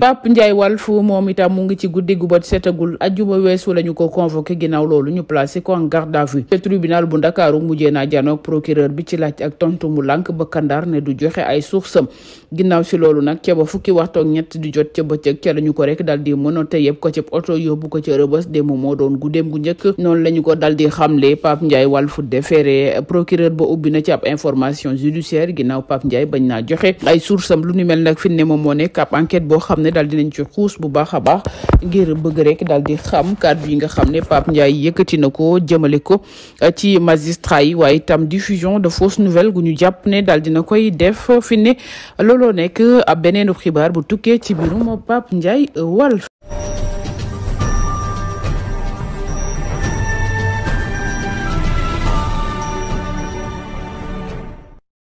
Pape Ndiaye Walf moom itam mu ngi ci guddi gu bët setagul ajjuma weesu la ñu ko convoqué ginnaaw loolu ñu placé ko en garde à vue te tribunal bu ndakaaru mujjee naa janoog procureur bi ci laaj ak tontu mu lank ba kandaar ne du joxe ay sources ginnaaw si loolu nag ca ba fukki waxtu ak ñett di jot ca bëccëg ca la ñu ko rek dal di mën te yëpp ko ca oto yóbbu ko ca rëbës démb moo doon guddeem gu njëkk noonu la ñu ko dal di xamle Pape Ndiaye Walf déféré procureur ba ubbi na ci ab information judiciaire ginnaaw Pape Ndiaye bañ naa joxe ay sources am lu ni mel nag fi ne moom moo nekk boo xam ne daal dinañ ci xuus bu baax a baax ngir bëgg rek daal di xam kàddu yi nga xam ne Pape Ndiaye yëkkati na ko jëmale ko euh, ci magistrat yi waaye itam diffusion de fausses nouvelles gu ñu jàpp ne daal dina koy def fi ne looloo nekk a beneen xibaar bu tukkee ci biirum Pape Ndiaye Walf